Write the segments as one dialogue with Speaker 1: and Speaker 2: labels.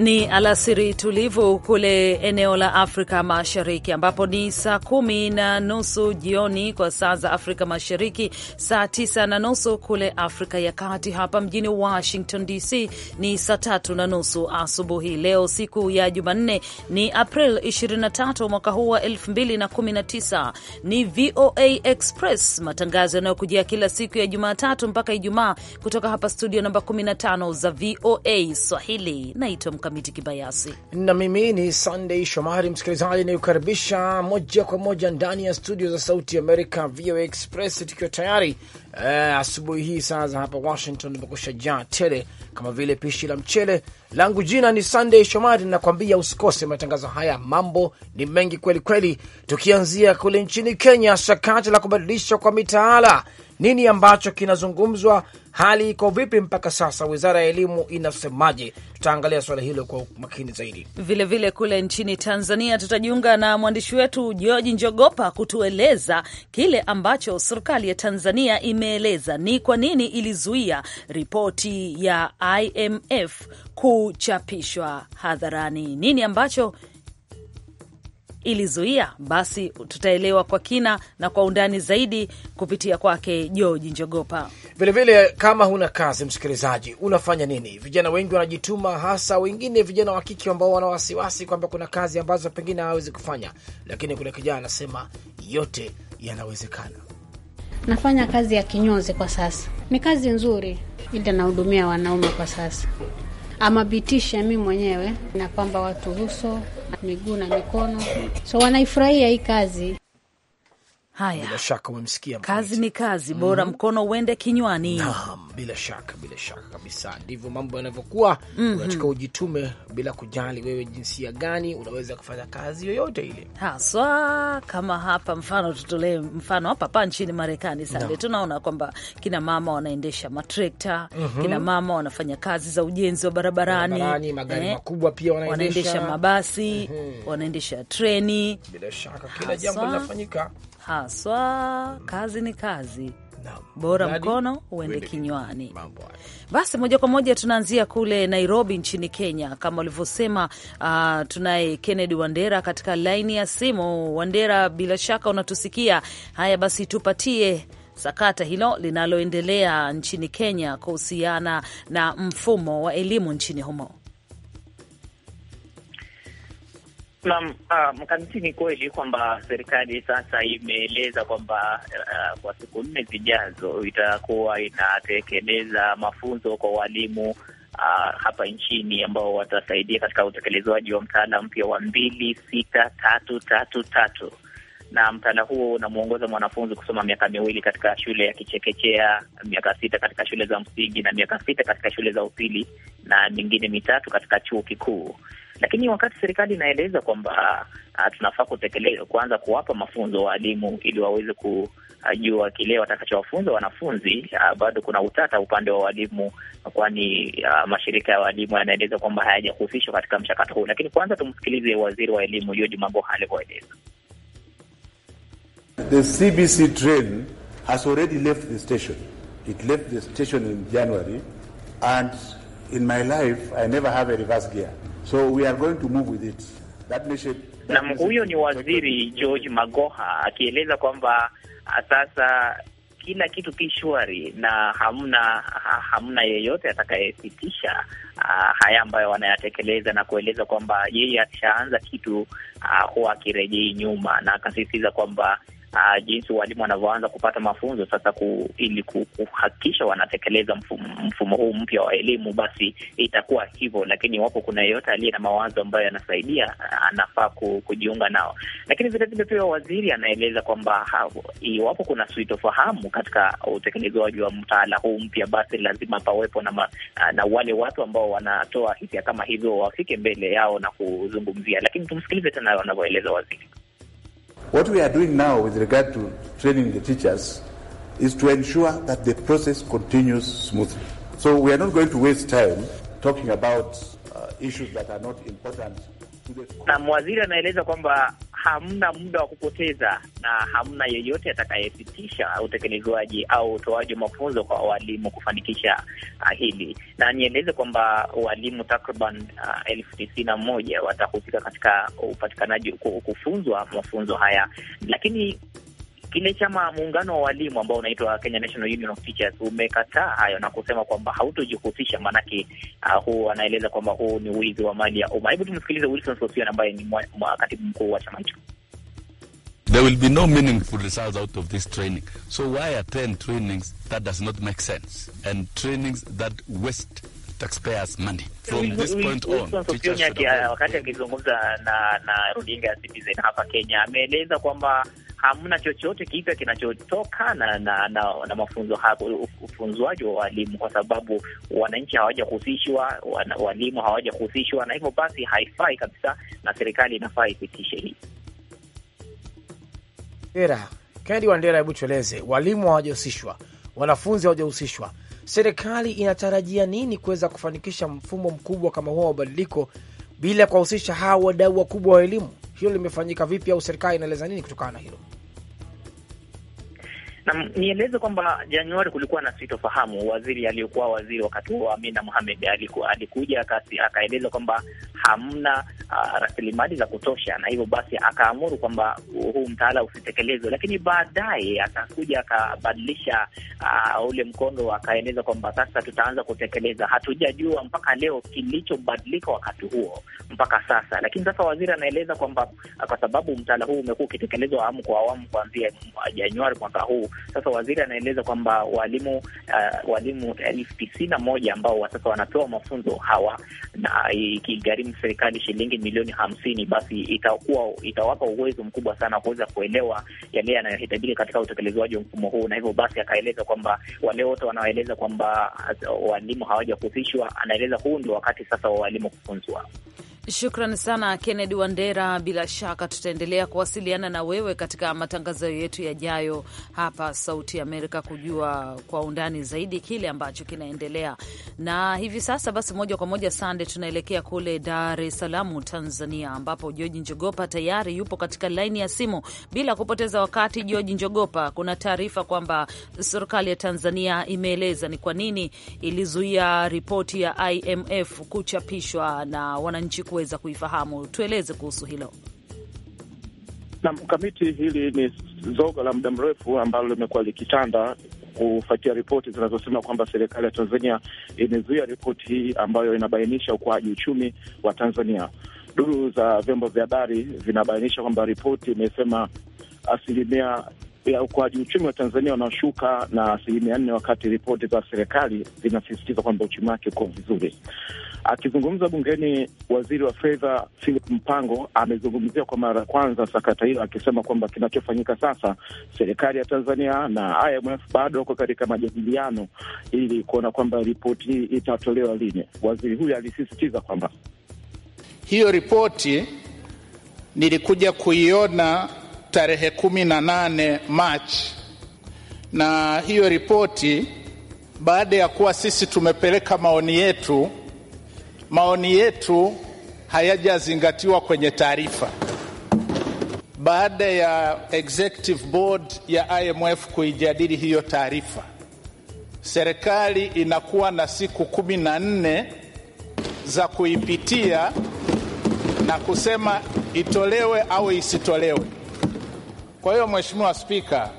Speaker 1: Ni alasiri tulivu kule eneo la Afrika Mashariki, ambapo ni saa kumi na nusu jioni kwa saa za Afrika Mashariki, saa tisa na nusu kule Afrika ya Kati. Hapa mjini Washington DC ni saa tatu na nusu asubuhi. Leo siku ya Jumanne ni April 23 mwaka huu wa 2019. Ni VOA Express, matangazo yanayokujia kila siku ya Jumatatu mpaka Ijumaa kutoka hapa studio namba 15 za VOA Swahili. Naitwa Mkamiti Kibayasi
Speaker 2: na mimi ni Sunday Shomari. Msikilizaji, inayokaribisha moja kwa moja ndani ya studio za Sauti Amerika, VOA Express, tukiwa tayari uh, asubuhi hii saa za hapa Washington imekusha jaa tele kama vile pishi la mchele langu. Jina ni Sunday Shomari, nakwambia usikose matangazo haya. Mambo ni mengi kweli kweli, tukianzia kule nchini Kenya, sakata la kubadilishwa kwa mitaala. Nini ambacho kinazungumzwa Hali iko vipi mpaka sasa? Wizara ya elimu inasemaje? Tutaangalia swala hilo kwa makini zaidi.
Speaker 1: Vilevile vile kule nchini Tanzania tutajiunga na mwandishi wetu George Njogopa kutueleza kile ambacho serikali ya Tanzania imeeleza ni kwa nini ilizuia ripoti ya IMF kuchapishwa hadharani. Nini ambacho ilizuia, basi tutaelewa kwa kina na kwa undani zaidi kupitia kwake George Njogopa. Vilevile, kama huna kazi, msikilizaji, unafanya nini? Vijana wengi wanajituma, hasa wengine
Speaker 2: vijana wa kike ambao wana wasiwasi kwamba kuna kazi ambazo pengine hawawezi kufanya, lakini kuna kijana anasema yote
Speaker 3: yanawezekana.
Speaker 4: Nafanya kazi ya kinyozi kwa sasa, ni kazi nzuri ile, anahudumia wanaume kwa sasa, amabitisha mi mwenyewe napamba watu uso miguu na mikono, so wanaifurahia hii kazi.
Speaker 1: Haya, bila shaka umemsikia, kazi ni kazi, mm-hmm. bora mm, mkono uende kinywani. Naam,
Speaker 2: bila shaka, bila shaka kabisa, ndivyo mambo yanavyokuwa. Mm -hmm. ujitume bila kujali wewe jinsia gani, unaweza kufanya kazi yoyote ile,
Speaker 1: haswa kama hapa. Mfano tutolee mfano hapa hapa nchini Marekani sande, tunaona kwamba kina mama wanaendesha matrekta mm -hmm. kina mama wanafanya kazi za ujenzi wa barabarani, barabarani magari eh, makubwa pia wanaendesha, wanaendesha mabasi mm -hmm. wanaendesha treni, bila shaka kila jambo linafanyika haswa. Kazi ni kazi bora Ladi, mkono uende kinywani. Basi moja kwa moja tunaanzia kule Nairobi nchini Kenya. Kama ulivyosema, uh, tunaye Kennedy Wandera katika laini ya simu. Wandera, bila shaka unatusikia. Haya basi, tupatie sakata hilo linaloendelea nchini Kenya kuhusiana na mfumo wa elimu nchini humo.
Speaker 5: Naam, uh, mkamiti, ni kweli kwamba serikali sasa imeeleza kwamba uh, kwa siku nne zijazo itakuwa inatekeleza mafunzo kwa walimu uh, hapa nchini ambao watasaidia katika utekelezwaji wa mtaala mpya wa mbili sita tatu tatu tatu na mtaala huo unamwongoza mwanafunzi kusoma miaka miwili katika shule ya kichekechea, miaka sita katika shule za msingi, na miaka sita katika shule za upili, na mingine mitatu katika chuo kikuu. Lakini wakati serikali inaeleza kwamba ah, tunafaa kutekeleza, kuanza kuwapa mafunzo waalimu ili waweze kujua kile watakachowafunza wanafunzi, ah, bado kuna utata upande wa walimu, kwani ah, mashirika ya walimu yanaeleza kwamba hayajahusishwa katika mchakato huu. Lakini kwanza tumsikilize waziri wa elimu George Magoha alivyoeleza.
Speaker 6: The CBC train has already left the station. It left the station in January and in my life I never have a reverse gear. So we are going to move with it.
Speaker 5: That mission, that na huyo ni Waziri George Magoha akieleza kwamba ah, sasa kila kitu kishwari na hamna ha, hamna yeyote atakayepitisha ah, haya ambayo wanayatekeleza na kueleza kwamba yeye ashaanza kitu ah, huwa akirejei nyuma, na akasisitiza kwamba uh, jinsi walimu wanavyoanza kupata mafunzo sasa ku, ili kuhakikisha wanatekeleza mfumo, mfumo huu mpya wa elimu, basi itakuwa hivyo. Lakini iwapo kuna yeyote aliye na mawazo ambayo yanasaidia, ah, anafaa kujiunga nao. Lakini vilevile pia waziri anaeleza kwamba iwapo kuna suitofahamu katika utekelezaji wa mtaala huu mpya, basi lazima pawepo na, ma, ah, na wale watu ambao wanatoa hisia kama hivyo wafike mbele yao na kuzungumzia. Lakini tumsikilize tena wanavyoeleza waziri.
Speaker 6: What we are doing now with regard to training the teachers is to ensure that the process continues smoothly. So we are not going to waste time talking about uh, issues that
Speaker 5: are not important to the... Na mwaziri anaeleza kwamba hamna muda wa kupoteza na hamna yeyote atakayesitisha utekelezwaji au utoaji wa mafunzo kwa walimu kufanikisha uh, hili. Na nieleze kwamba walimu takriban uh, elfu tisini na moja watahusika katika upatikanaji, kufunzwa mafunzo haya, lakini kile chama muungano wa walimu ambao unaitwa Kenya National Union of Teachers umekataa hayo na kusema kwamba hautojihusisha, maanake uh, huu anaeleza kwamba huu ni wizi wa mali ya umma. Hebu tumsikilize Wilson Sossion ambaye ni katibu mkuu wa chama hicho.
Speaker 7: There will be no meaningful results out of this training. So why attend trainings that does not make sense and trainings that waste taxpayers money? From this point on,
Speaker 5: wakati akizungumza na na runinga ya Citizen hapa Kenya ameeleza kwamba hamna chochote kipya kinachotoka na na, na, na mafunzo hapo, ufunzwaji wa walimu, kwa sababu wananchi hawajahusishwa, walimu hawajahusishwa, na hivyo basi haifai kabisa, na serikali inafaa ipitishe hii.
Speaker 2: Era Kennedy Wandera, hebu tueleze, walimu hawajahusishwa, wanafunzi hawajahusishwa, serikali inatarajia nini kuweza kufanikisha mfumo mkubwa kama huo wa mabadiliko bila kuwahusisha hawa wadau wakubwa wa elimu? Hilo limefanyika vipi, au serikali inaeleza nini kutokana na hilo?
Speaker 5: Na nieleze kwamba Januari kulikuwa na sitofahamu. Waziri aliyokuwa waziri wakati huo Amina Mohamed alikuwa alikuja akaeleza kwamba hamna uh, rasilimali za kutosha, na hivyo basi akaamuru kwamba huu mtaala usitekelezwe, lakini baadaye akakuja akabadilisha uh, ule mkondo, akaeleza kwamba sasa tutaanza kutekeleza. Hatujajua mpaka leo kilichobadilika wakati huo mpaka sasa, lakini sasa waziri anaeleza kwamba ah, kwa sababu mtaala huu umekuwa ukitekelezwa awamu kwa awamu kuanzia Januari mwaka huu sasa waziri anaeleza kwamba walimu uh, walimu elfu tisini na moja ambao sasa wanapewa mafunzo hawa, na ikigharimu serikali shilingi milioni hamsini, basi itakuwa itawapa uwezo mkubwa sana kuweza kuelewa yale yanayohitajika katika utekelezwaji wa mfumo huu, na hivyo basi akaeleza kwamba wale wote wanaoeleza kwamba walimu hawajahusishwa, anaeleza huu ndio wakati sasa wa walimu kufunzwa.
Speaker 1: Shukran sana Kennedy Wandera. Bila shaka tutaendelea kuwasiliana na wewe katika matangazo yetu yajayo hapa Sauti ya Amerika, kujua kwa undani zaidi kile ambacho kinaendelea. Na hivi sasa basi, moja kwa moja Sande, tunaelekea kule Dar es Salaam, Tanzania, ambapo George Njogopa tayari yupo katika laini ya simu. Bila kupoteza wakati, George Njogopa, kuna taarifa kwamba serikali ya Tanzania imeeleza ni kwa nini ilizuia ripoti ya IMF kuchapishwa na wananchi kuweza kuifahamu. Tueleze kuhusu hilo.
Speaker 6: Naam, Mkamiti, hili ni zoga la muda mrefu ambalo limekuwa likitanda kufuatia ripoti zinazosema kwamba serikali ya Tanzania imezuia ripoti hii ambayo inabainisha ukuaji uchumi wa Tanzania. Duru za vyombo vya habari vinabainisha kwamba ripoti imesema asilimia ya ukuaji uchumi wa Tanzania unaoshuka na asilimia nne, wakati ripoti za serikali zinasisitiza kwamba uchumi wake uko vizuri. Akizungumza bungeni, waziri wa fedha Philip Mpango amezungumzia kwa mara ya kwanza sakata hilo, akisema kwamba kinachofanyika sasa, serikali ya Tanzania na IMF bado wako katika majadiliano ili kuona kwamba ripoti hii itatolewa lini. Waziri huyo alisisitiza kwamba
Speaker 7: hiyo ripoti nilikuja kuiona tarehe kumi na nane Machi na hiyo ripoti, baada ya kuwa sisi tumepeleka maoni yetu maoni yetu hayajazingatiwa kwenye taarifa baada ya executive board ya IMF kuijadili hiyo taarifa, serikali inakuwa na siku kumi na nne za kuipitia na kusema itolewe au isitolewe. Kwa hiyo, Mheshimiwa Spika,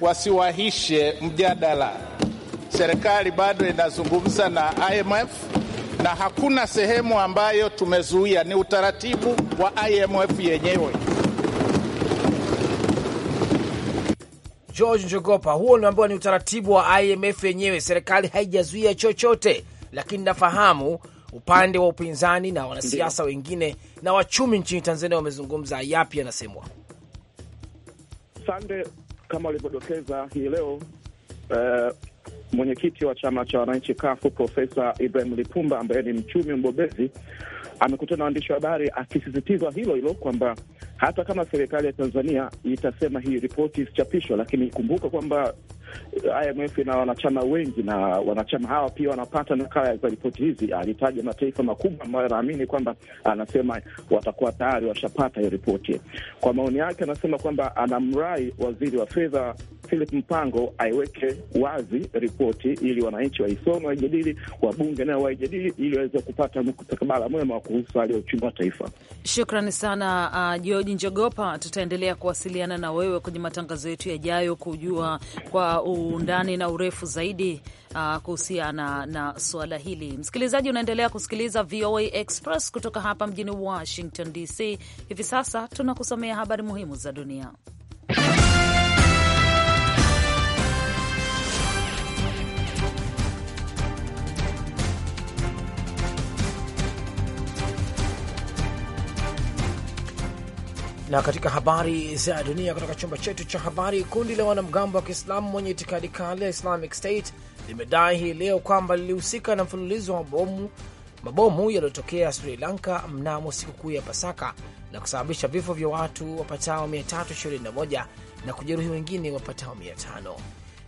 Speaker 7: wasiwahishe mjadala. Serikali bado inazungumza na IMF na hakuna sehemu ambayo tumezuia, ni utaratibu wa IMF yenyewe.
Speaker 2: George Njogopa, huo unaambiwa ni utaratibu wa IMF yenyewe, serikali haijazuia chochote, lakini nafahamu upande wa upinzani na wanasiasa wengine na wachumi nchini Tanzania wamezungumza, yapi anasemwa
Speaker 6: Sande, kama walivyodokeza hii leo eh, Mwenyekiti wa chama cha wananchi kafu Profesa Ibrahim Lipumba ambaye ni mchumi mbobezi amekutana na waandishi wa habari akisisitizwa hilo hilo kwamba hata kama serikali ya Tanzania itasema hii ripoti isichapishwa, lakini kumbuka kwamba IMF ina wanachama wengi na wanachama hawa pia wanapata nakala za ripoti hizi. Alitaja mataifa makubwa ambayo anaamini kwamba anasema watakuwa tayari washapata hiyo ripoti. Kwa maoni yake, anasema kwamba anamrai waziri wa fedha Philip Mpango aiweke wazi ripoti ili wananchi waisome, waijadili, wabunge nao waijadili, ili waweze kupata mustakabala mwema wa kuhusu hali ya uchumi wa taifa.
Speaker 1: Shukrani sana uh, George Njogopa. Tutaendelea kuwasiliana na wewe kwenye matangazo yetu yajayo kujua kwa undani na urefu zaidi uh, kuhusiana na suala hili. Msikilizaji, unaendelea kusikiliza VOA Express kutoka hapa mjini Washington DC. Hivi sasa tunakusomea habari muhimu za dunia.
Speaker 2: Na katika habari za dunia kutoka chumba chetu cha habari, kundi la wanamgambo wa Kiislamu wenye itikadi kali ya Islamic State limedai hii leo kwamba lilihusika na mfululizo wa mabomu, mabomu yaliyotokea Sri Lanka mnamo sikukuu ya Pasaka na kusababisha vifo vya watu wapatao 321 na kujeruhi wengine wapatao 500.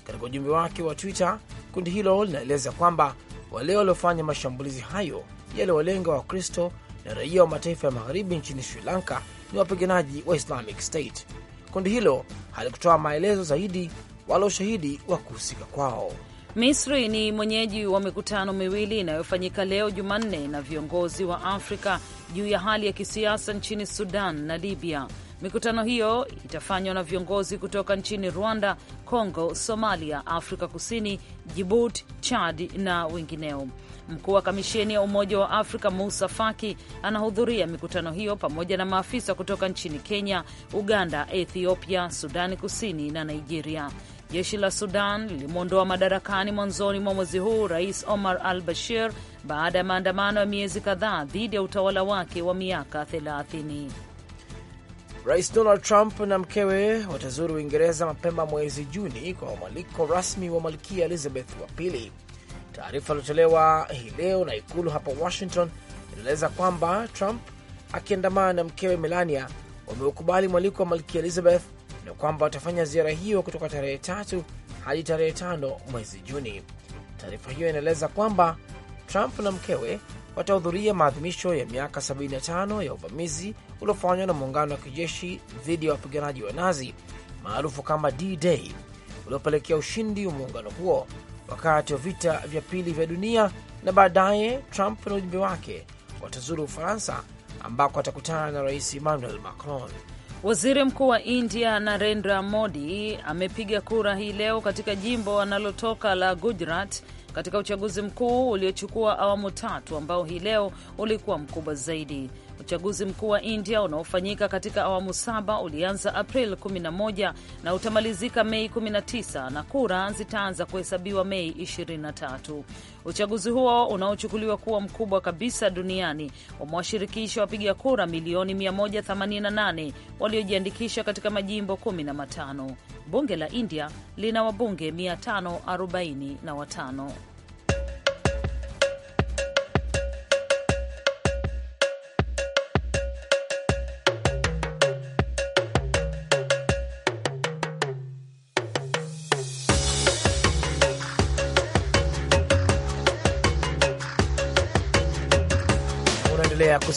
Speaker 2: Katika ujumbe wake wa Twitter, kundi hilo linaeleza kwamba wale waliofanya mashambulizi hayo yaliwalenga Wakristo na raia wa mataifa ya magharibi nchini Sri Lanka ni wapiganaji wa Islamic State. Kundi hilo halikutoa maelezo zaidi wala ushahidi wa kuhusika kwao.
Speaker 1: Misri ni mwenyeji wa mikutano miwili inayofanyika leo Jumanne na viongozi wa Afrika juu ya hali ya kisiasa nchini Sudan na Libya. Mikutano hiyo itafanywa na viongozi kutoka nchini Rwanda, Congo, Somalia, Afrika Kusini, Jibuti, Chad na wengineo. Mkuu wa kamisheni ya Umoja wa Afrika Musa Faki anahudhuria mikutano hiyo pamoja na maafisa kutoka nchini Kenya, Uganda, Ethiopia, Sudani Kusini na Nigeria. Jeshi la Sudan lilimwondoa madarakani mwanzoni mwa mwezi huu Rais Omar al Bashir baada ya maandamano ya miezi kadhaa dhidi ya utawala wake wa miaka 30.
Speaker 2: Rais Donald Trump na mkewe watazuru Uingereza mapema mwezi Juni kwa mwaliko rasmi wa Malkia Elizabeth wa pili. Taarifa iliyotolewa hii leo na ikulu hapa Washington inaeleza kwamba Trump akiandamana na mkewe Melania wameukubali mwaliko wa malkia Elizabeth na kwamba watafanya ziara hiyo kutoka tarehe tatu hadi tarehe tano mwezi Juni. Taarifa hiyo inaeleza kwamba Trump na mkewe watahudhuria maadhimisho ya miaka 75 ya uvamizi uliofanywa na muungano wa kijeshi dhidi ya wapiganaji wa Nazi maarufu kama D-Day uliopelekea ushindi wa muungano huo wakati wa vita vya pili vya dunia, na baadaye Trump na ujumbe wake watazuru Ufaransa ambako atakutana na Rais Emmanuel Macron.
Speaker 1: Waziri Mkuu wa India Narendra Modi amepiga kura hii leo katika jimbo analotoka la Gujarat katika uchaguzi mkuu uliochukua awamu tatu ambao hii leo ulikuwa mkubwa zaidi. Uchaguzi mkuu wa India unaofanyika katika awamu saba ulianza April 11 na utamalizika Mei 19 na kura zitaanza kuhesabiwa Mei 23. Uchaguzi huo unaochukuliwa kuwa mkubwa kabisa duniani umewashirikisha wapiga kura milioni 188 waliojiandikisha katika majimbo 15. Bunge la India lina wabunge 545.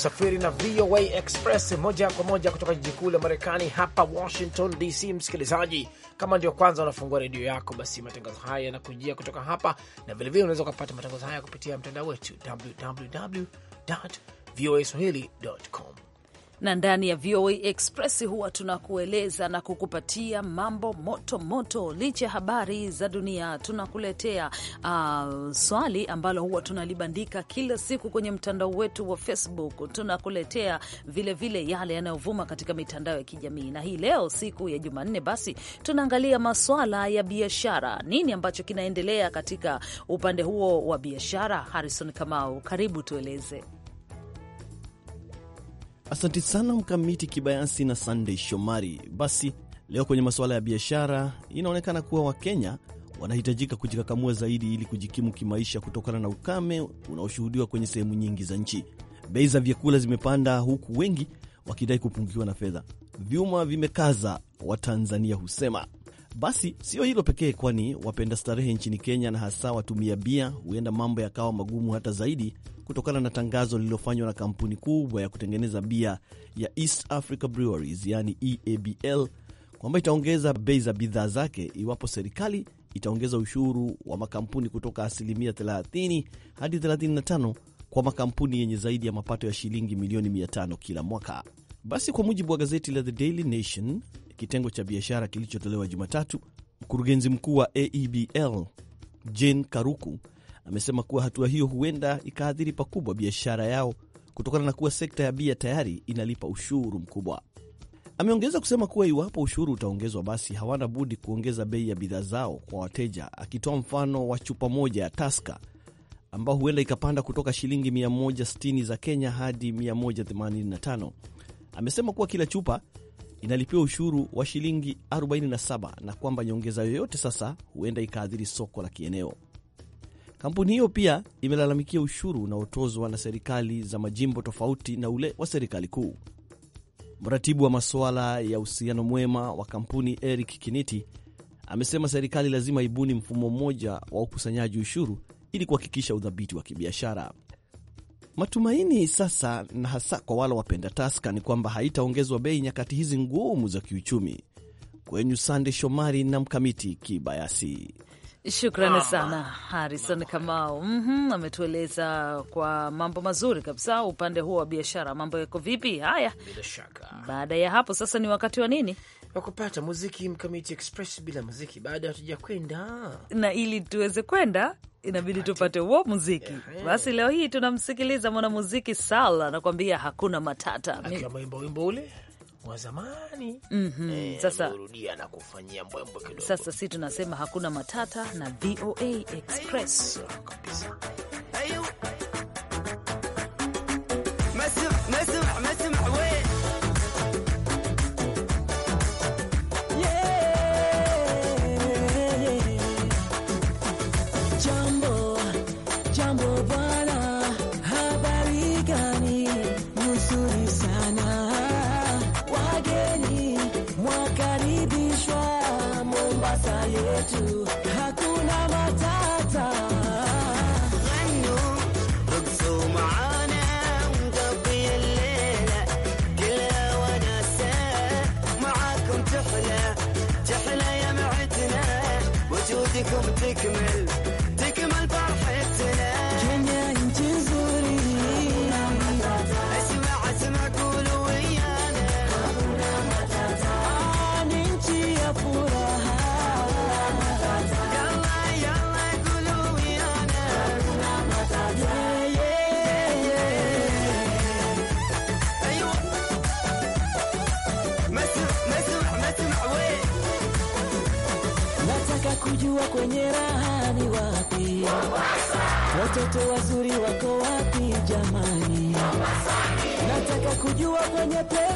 Speaker 2: unasafiri na VOA Express moja kwa moja kutoka jiji kuu la Marekani, hapa Washington DC. Msikilizaji, kama ndio kwanza unafungua redio yako, basi matangazo haya yanakujia kutoka hapa, na vilevile
Speaker 1: unaweza ukapata matangazo haya kupitia mtandao wetu www voa swahili.com na ndani ya VOA Express huwa tunakueleza na kukupatia mambo moto moto. Licha ya habari za dunia, tunakuletea uh, swali ambalo huwa tunalibandika kila siku kwenye mtandao wetu wa Facebook. Tunakuletea vilevile yale yanayovuma katika mitandao ya kijamii, na hii leo siku ya Jumanne, basi tunaangalia maswala ya biashara. Nini ambacho kinaendelea katika upande huo wa biashara? Harrison Kamau, karibu tueleze.
Speaker 7: Asante sana Mkamiti Kibayasi na Sandey Shomari. Basi leo kwenye masuala ya biashara, inaonekana kuwa Wakenya wanahitajika kujikakamua zaidi ili kujikimu kimaisha kutokana na ukame unaoshuhudiwa kwenye sehemu nyingi za nchi. Bei za vyakula zimepanda, huku wengi wakidai kupungukiwa na fedha. Vyuma vimekaza, Watanzania husema. Basi sio hilo pekee, kwani wapenda starehe nchini Kenya na hasa watumia bia, huenda mambo yakawa magumu hata zaidi kutokana na tangazo lililofanywa na kampuni kubwa ya kutengeneza bia ya East Africa Breweries yani EABL kwamba itaongeza bei za bidhaa zake iwapo serikali itaongeza ushuru wa makampuni kutoka asilimia 30 hadi 35 kwa makampuni yenye zaidi ya mapato ya shilingi milioni 500 kila mwaka. Basi kwa mujibu wa gazeti la The Daily Nation, kitengo cha biashara kilichotolewa Jumatatu, mkurugenzi mkuu wa AEBL Jane Karuku amesema kuwa hatua hiyo huenda ikaathiri pakubwa biashara yao kutokana na kuwa sekta ya bia tayari inalipa ushuru mkubwa. Ameongeza kusema kuwa iwapo ushuru utaongezwa, basi hawana budi kuongeza bei ya bidhaa zao kwa wateja, akitoa mfano wa chupa moja ya Taska ambao huenda ikapanda kutoka shilingi 160 za Kenya hadi 185. Amesema kuwa kila chupa inalipiwa ushuru wa shilingi 47 na kwamba nyongeza yoyote sasa huenda ikaathiri soko la kieneo. Kampuni hiyo pia imelalamikia ushuru unaotozwa na serikali za majimbo tofauti na ule wa serikali kuu. Mratibu wa masuala ya uhusiano mwema wa kampuni Eric Kiniti amesema serikali lazima ibuni mfumo mmoja wa ukusanyaji ushuru ili kuhakikisha udhabiti wa kibiashara. Matumaini sasa na hasa kwa wale wapenda Taska ni kwamba haitaongezwa bei nyakati hizi ngumu za kiuchumi. Kwenyu Sande Shomari na Mkamiti Kibayasi.
Speaker 1: Shukrani sana Harison Kamau. mm -hmm, ametueleza kwa mambo mazuri kabisa upande huo wa biashara. Mambo yako vipi? Haya, baada ya hapo sasa ni wakati wa nini wa kupata muziki Mkamiti Express. Bila muziki baada hatuja kwenda, na ili tuweze kwenda inabidi tupate huo muziki. Basi leo hii tunamsikiliza mwanamuziki Sala anakuambia hakuna matata, wimbo ule
Speaker 2: wa zamani mm -hmm. E, sasa kurudia na kufanyia mbwembwe kidogo.
Speaker 1: Sasa si tunasema hakuna matata na VOA Express kabisa.
Speaker 3: you jua kwenye plate.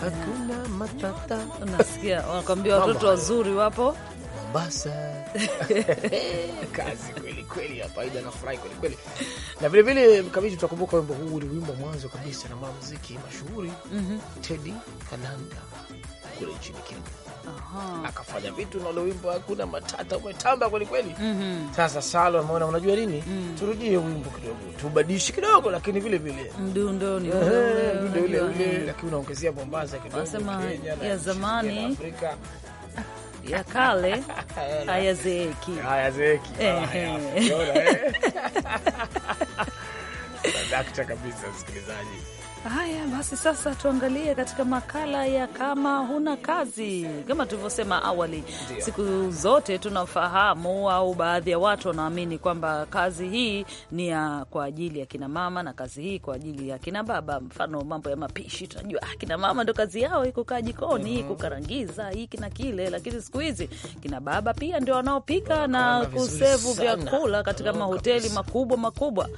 Speaker 3: hakuna matata. Nasikia wanakwambia watoto wazuri wapo basa kazi
Speaker 2: kweli kweli, hapa Aida anafurahi kweli kweli. Na vile vile mkamiti, tutakumbuka wimbo huu wimbo mwanzo kabisa na mwanamuziki mashuhuri mm -hmm. Teddy Kananda kule nchini Kenya akafanya vitu na ule wimbo hakuna matata, umetamba kweli kweli. Mhm. Sasa Salo ameona unajua nini, mm. turudie wimbo kidogo, tubadilishe kidogo, lakini vile vile mdundo ni ule ule, lakini unaongezea bombaza kidogo,
Speaker 1: ya zamani, Afrika
Speaker 2: ya kale hayazeeki, hayazeeki ah, eh? kabisa, msikilizaji.
Speaker 1: Haya basi, sasa tuangalie katika makala ya kama huna kazi. Kama tulivyosema awali, siku zote tunafahamu au baadhi ya watu wanaamini kwamba kazi hii ni ya kwa ajili ya kina mama na kazi hii kwa ajili ya kina baba. Mfano mambo ya mapishi, tunajua ah, kina mama ndo kazi yao mhm. hii kukaa jikoni, hii kukarangiza, hiki na kile, lakini siku hizi kina baba pia ndio wanaopika na kusevu vyakula katika mahoteli makubwa makubwa.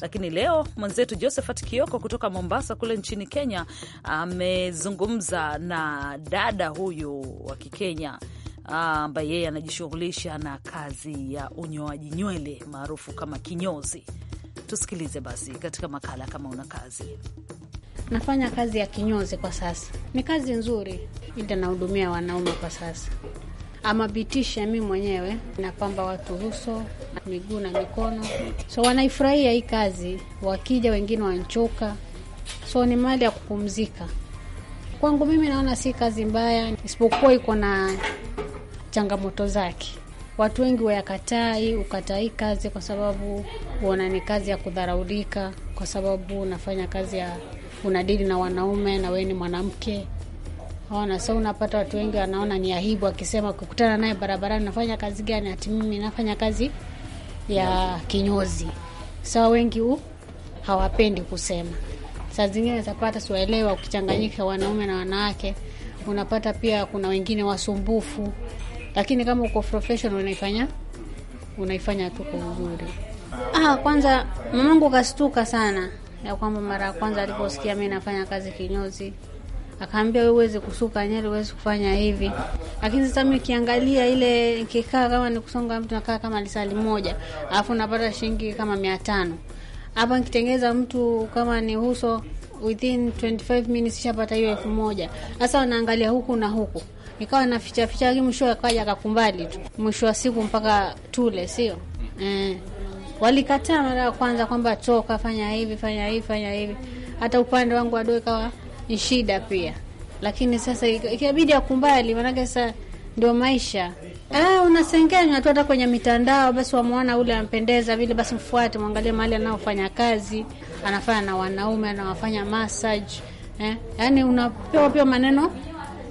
Speaker 1: Lakini leo mwenzetu Josephat Kioko kutoka Mombasa sasa kule nchini Kenya amezungumza na dada huyu wa Kikenya ambaye yeye anajishughulisha na kazi ya unyoaji nywele maarufu kama kinyozi. Tusikilize basi katika makala kama una kazi.
Speaker 4: Nafanya kazi ya kinyozi kwa sasa, ni kazi nzuri, ila nahudumia wanaume kwa sasa amabitisha mi mwenyewe napamba watu uso, miguu na mikono, so wanaifurahia hii kazi. Wakija wengine wanchoka, so ni mahali ya kupumzika. Kwangu mimi naona si kazi mbaya, isipokuwa iko na changamoto zake. Watu wengi wayakatai, ukatai kazi kwa sababu huona ni kazi ya kudharaulika, kwa sababu unafanya kazi ya unadili na wanaume na wewe ni mwanamke. Ona, so unapata watu wengi wanaona ni aibu, akisema kukutana naye barabarani, nafanya kazi gani? Ati mimi nafanya kazi ya kinyozi. Sawa, so wengi hawapendi kusema saa zingine zapata siwaelewa, ukichanganyika wanaume na wanawake, unapata pia kuna wengine wasumbufu, lakini kama uko professional unaifanya unaifanya tu kwa uzuri. Ah, kwanza mamangu kastuka sana ya kwamba mara ya kwanza aliposikia mimi nafanya kazi kinyozi, akaambia wewe uweze kusuka nywele, uweze kufanya hivi. Lakini sasa mimi kiangalia ile nikikaa kama nikusonga mtu nakaa kama lisali moja, alafu napata shilingi kama mia tano hapa nikitengeza mtu kama ni uso within 25 minutes ishapata hiyo elfu moja. Sasa wanaangalia huku na huku, nikawa naficha ficha, lakini mwisho akaja akakumbali tu, mwisho wa siku mpaka tule, sio eh. Walikataa mara ya kwanza kwamba toka, fanya hivi, fanya hivi, fanya hivi. Hata upande wangu wadoe kawa ni shida pia, lakini sasa ikabidi akumbali, maanake sasa ndio maisha. Ah, unasengenya tu hata kwenye mitandao, basi wamwona ule ampendeza vile, basi mfuate, mwangalie mahali anaofanya kazi, anafanya na wanaume, anawafanya massage eh? Yani unapewa pia maneno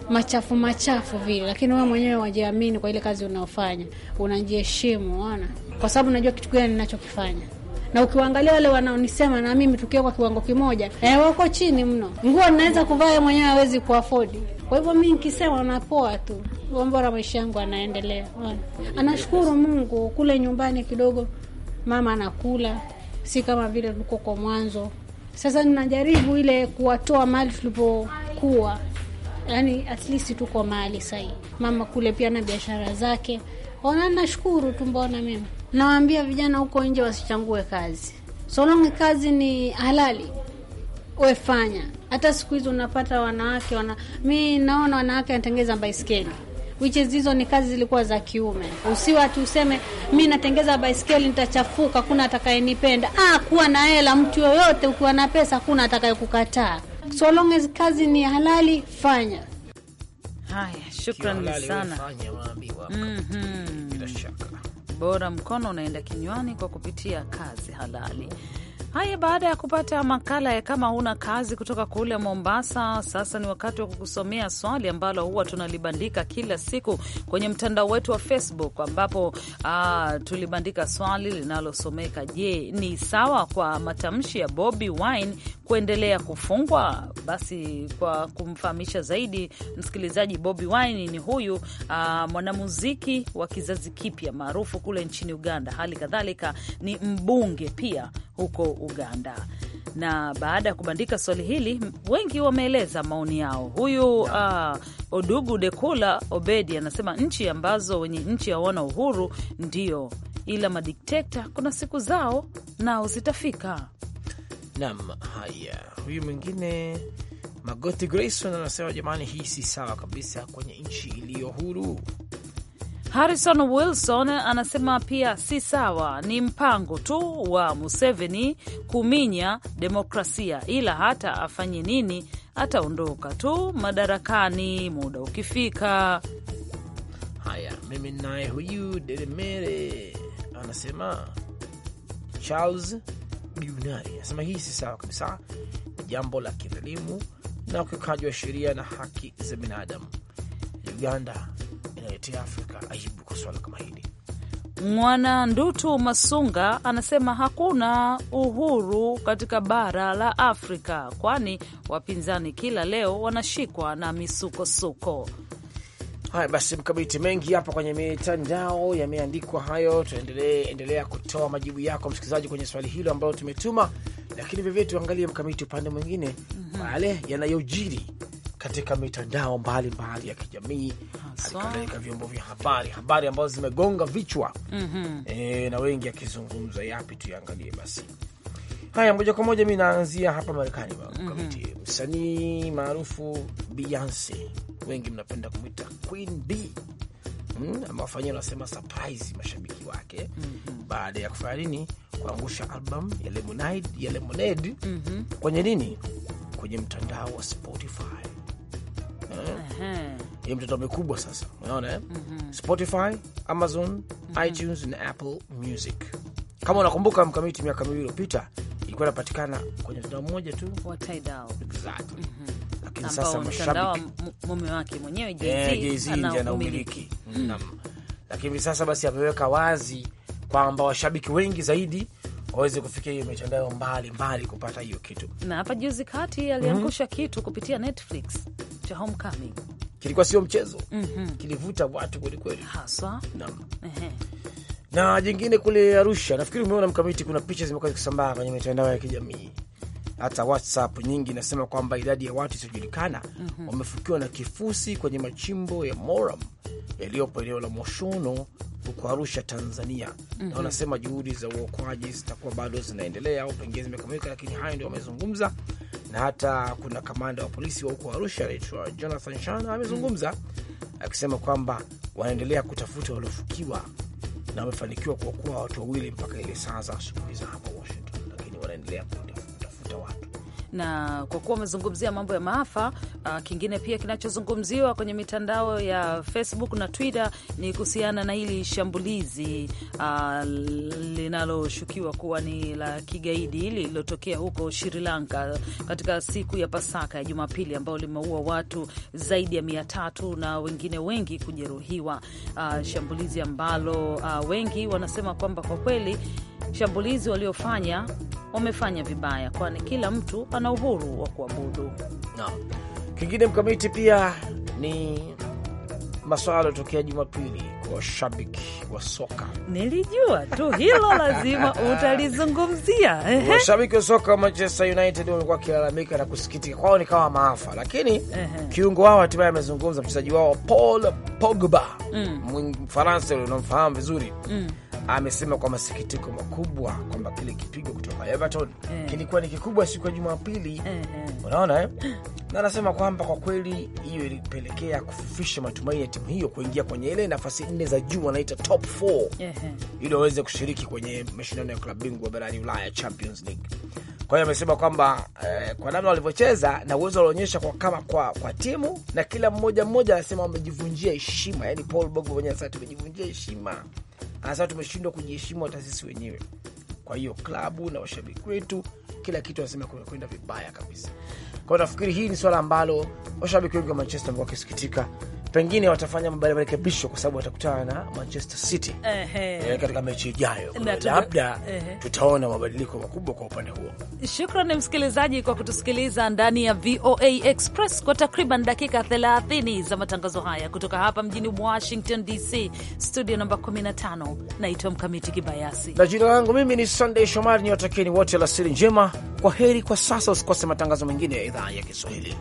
Speaker 4: machafu machafu vile, lakini wewe mwenyewe wajiamini kwa ile kazi unaofanya, unajiheshimu, unaona, kwa sababu unajua kitu gani ninachokifanya na ukiwaangalia wale wanaonisema na mimi tukiwa kwa kiwango kimoja eh, wako chini mno. Nguo naweza kuvaa mwenyewe hawezi kuafodi. Kwa hivyo mi nikisema napoa tu, bora maisha yangu anaendelea. Anashukuru Mungu, kule nyumbani kidogo mama anakula, si kama vile tuko kwa mwanzo. Sasa ninajaribu ile kuwatoa mali tulipokuwa, yani at least tuko mali sahii. Mama kule pia na biashara zake, ona, nashukuru tu. Mbona mimi nawaambia vijana huko nje wasichangue kazi, solongi kazi ni halali wefanya hata siku hizi unapata wanawake wana, mi naona wanawake wanatengeza baiskeli which is hizo ni kazi zilikuwa za kiume. usiwa ati useme mi natengeza baiskeli nitachafuka, kuna atakayenipenda. Ah, kuwa na hela, mtu yoyote, ukiwa na pesa kuna atakayekukataa, so long as kazi ni halali, fanya
Speaker 1: haya. Shukrani sana.
Speaker 3: mm -hmm.
Speaker 1: bora mkono unaenda kinywani kwa kupitia kazi halali. Haya, baada ya kupata makala ya kama huna kazi kutoka kule Mombasa, sasa ni wakati wa kukusomea swali ambalo huwa tunalibandika kila siku kwenye mtandao wetu wa Facebook, ambapo aa, ah, tulibandika swali linalosomeka: Je, ni sawa kwa matamshi ya Bobi Wine kuendelea kufungwa? Basi kwa kumfahamisha zaidi msikilizaji, Bobi Wine ni huyu ah, mwanamuziki wa kizazi kipya maarufu kule nchini Uganda, hali kadhalika ni mbunge pia huko Uganda. Na baada ya kubandika swali hili, wengi wameeleza maoni yao. Huyu uh, Odugu Dekula Obedi anasema nchi ambazo wenye nchi hawana uhuru ndio, ila madiktekta kuna siku zao nao zitafika. Nam haya, huyu
Speaker 2: mwingine Magoti Grayson anasema jamani, hii si sawa kabisa kwenye nchi iliyo huru.
Speaker 1: Harrison Wilson anasema pia si sawa, ni mpango tu wa Museveni kuminya demokrasia, ila hata afanye nini, ataondoka tu madarakani muda ukifika. Haya,
Speaker 2: mimi naye huyu Delemere anasema Charles Bunari anasema hii si sawa kabisa, ni jambo la kidhalimu na ukiukaji wa sheria na haki za binadamu Uganda kuletea Afrika. Aibu kwa swala kama hili.
Speaker 1: Mwana Ndutu Masunga anasema hakuna uhuru katika bara la Afrika, kwani wapinzani kila leo wanashikwa na misukosuko.
Speaker 2: Haya basi, mkamiti mengi hapa kwenye mitandao yameandikwa hayo. Tuendelee endelea kutoa majibu yako msikilizaji kwenye swali hilo ambalo tumetuma, lakini vilevile tuangalie mkamiti upande mwingine, mm -hmm. wale yanayojiri katika mitandao mbalimbali ya kijamii halikadhalika vyombo vya habari, habari ambazo zimegonga vichwa mm -hmm. E, na wengi akizungumza yapi, tuyaangalie basi. Haya, moja kwa moja mi naanzia hapa Marekani mm -hmm. Msanii maarufu Beyonce, wengi mnapenda kumwita Queen B mm, amewafanyia unasema surprise mashabiki wake mm -hmm. baada ya kufanya nini, kuangusha album ya Lemonade, ya Lemonade mm -hmm. kwenye nini, kwenye mtandao wa Spotify mm ni mtoto mikubwa sasa, unaona mm -hmm. Spotify, Amazon, mm -hmm. iTunes na Apple Music. Kama unakumbuka mkamiti, miaka miwili iliyopita ilikuwa inapatikana
Speaker 1: kwenye mtandao mmoja tu wa Tidal. Exactly. mm -hmm. Lakini sasa mashabiki, mume wake mwenyewe Jay-Z eh, ndiye anaumiliki. Mhm.
Speaker 2: Lakini sasa basi ameweka wazi kwamba washabiki wengi zaidi waweze kufikia hiyo mitandao mbali mbali kupata hiyo kitu,
Speaker 1: na hapa juzi kati aliangusha mm -hmm. kitu kupitia Netflix cha Homecoming
Speaker 2: kilikuwa sio mchezo mm -hmm. Kilivuta watu kwelikweli haswa na. Na jingine kule Arusha, nafikiri umeona mkamiti, kuna picha zimekuwa zikisambaa kwenye mitandao ya kijamii hata WhatsApp nyingi inasema kwamba idadi ya watu isiyojulikana mm -hmm. wamefukiwa na kifusi kwenye machimbo ya Moram yaliyopo eneo la Moshono huko Arusha, Tanzania mm -hmm. na mhm. wanasema juhudi za uokoaji zitakuwa bado zinaendelea au pengine zimekamilika, lakini hayo ndio wamezungumza na hata kuna kamanda wa polisi wa huko Arusha anaitwa Jonathan Shana amezungumza akisema kwamba wanaendelea kutafuta waliofukiwa na wamefanikiwa kuokoa watu wawili mpaka ile saa za asubuhi za hapa Washington, lakini wanaendelea
Speaker 1: na kwa kuwa umezungumzia mambo ya maafa uh, kingine pia kinachozungumziwa kwenye mitandao ya Facebook na Twitter ni kuhusiana na hili shambulizi uh, linaloshukiwa kuwa ni la kigaidi lililotokea huko Sri Lanka katika siku ya Pasaka ya Jumapili, ambao limeua watu zaidi ya mia tatu na wengine wengi kujeruhiwa, uh, shambulizi ambalo uh, wengi wanasema kwamba kwa kweli shambulizi waliofanya wamefanya vibaya, kwani kila mtu ana uhuru wa
Speaker 2: kuabudu. No. Kingine mkamiti pia ni maswala yaliotokea Jumapili kwa washabiki wa soka.
Speaker 1: Nilijua tu hilo lazima
Speaker 3: utalizungumzia.
Speaker 2: Washabiki wa soka wa Manchester United wamekuwa wakilalamika na kusikitika kwao ni kama maafa, lakini kiungo wao hatimaye amezungumza, mchezaji wao Paul Pogba, Mfaransa mm. unamfahamu vizuri mm amesema kwa masikitiko makubwa kwamba kile kipigo kutoka Everton eh, kilikuwa ni kikubwa siku ya Jumapili eh, eh. unaona eh? na anasema kwamba kwa kweli hiyo ilipelekea kufufisha matumaini ya timu hiyo kuingia kwenye ile nafasi nne za juu wanaita top 4 eh, eh. ili waweze kushiriki kwenye mashindano ya klabu bingwa barani Ulaya, Champions League. Kwa hiyo amesema kwamba eh, kwa namna walivyocheza na uwezo walionyesha kwa kama kwa, kwa timu na kila mmoja mmoja, anasema wamejivunjia heshima, yani Paul Pogba mwenyewe sasa tumejivunjia heshima anasema tumeshindwa kujiheshimu hata sisi wenyewe. Kwa hiyo klabu na washabiki wetu, kila kitu anasema kumekwenda vibaya kabisa. Kwa hiyo nafikiri hii ni swala ambalo washabiki wengi wa Manchester wamekuwa wakisikitika pengine watafanya marekebisho kwa sababu watakutana na Manchester City
Speaker 1: eh,
Speaker 2: katika mechi ijayo. Labda eh, tutaona mabadiliko makubwa kwa upande huo.
Speaker 1: Shukrani msikilizaji kwa kutusikiliza ndani ya VOA Express kwa takriban dakika 30 za matangazo haya kutoka hapa mjini Washington DC, studio namba 15. Naitwa Mkamiti Kibayasi
Speaker 2: na jina langu mimi ni Sunday Shomari. Niwatakieni wote alasiri njema, kwa heri. Kwa sasa usikose matangazo mengine ya idhaa ya Kiswahili.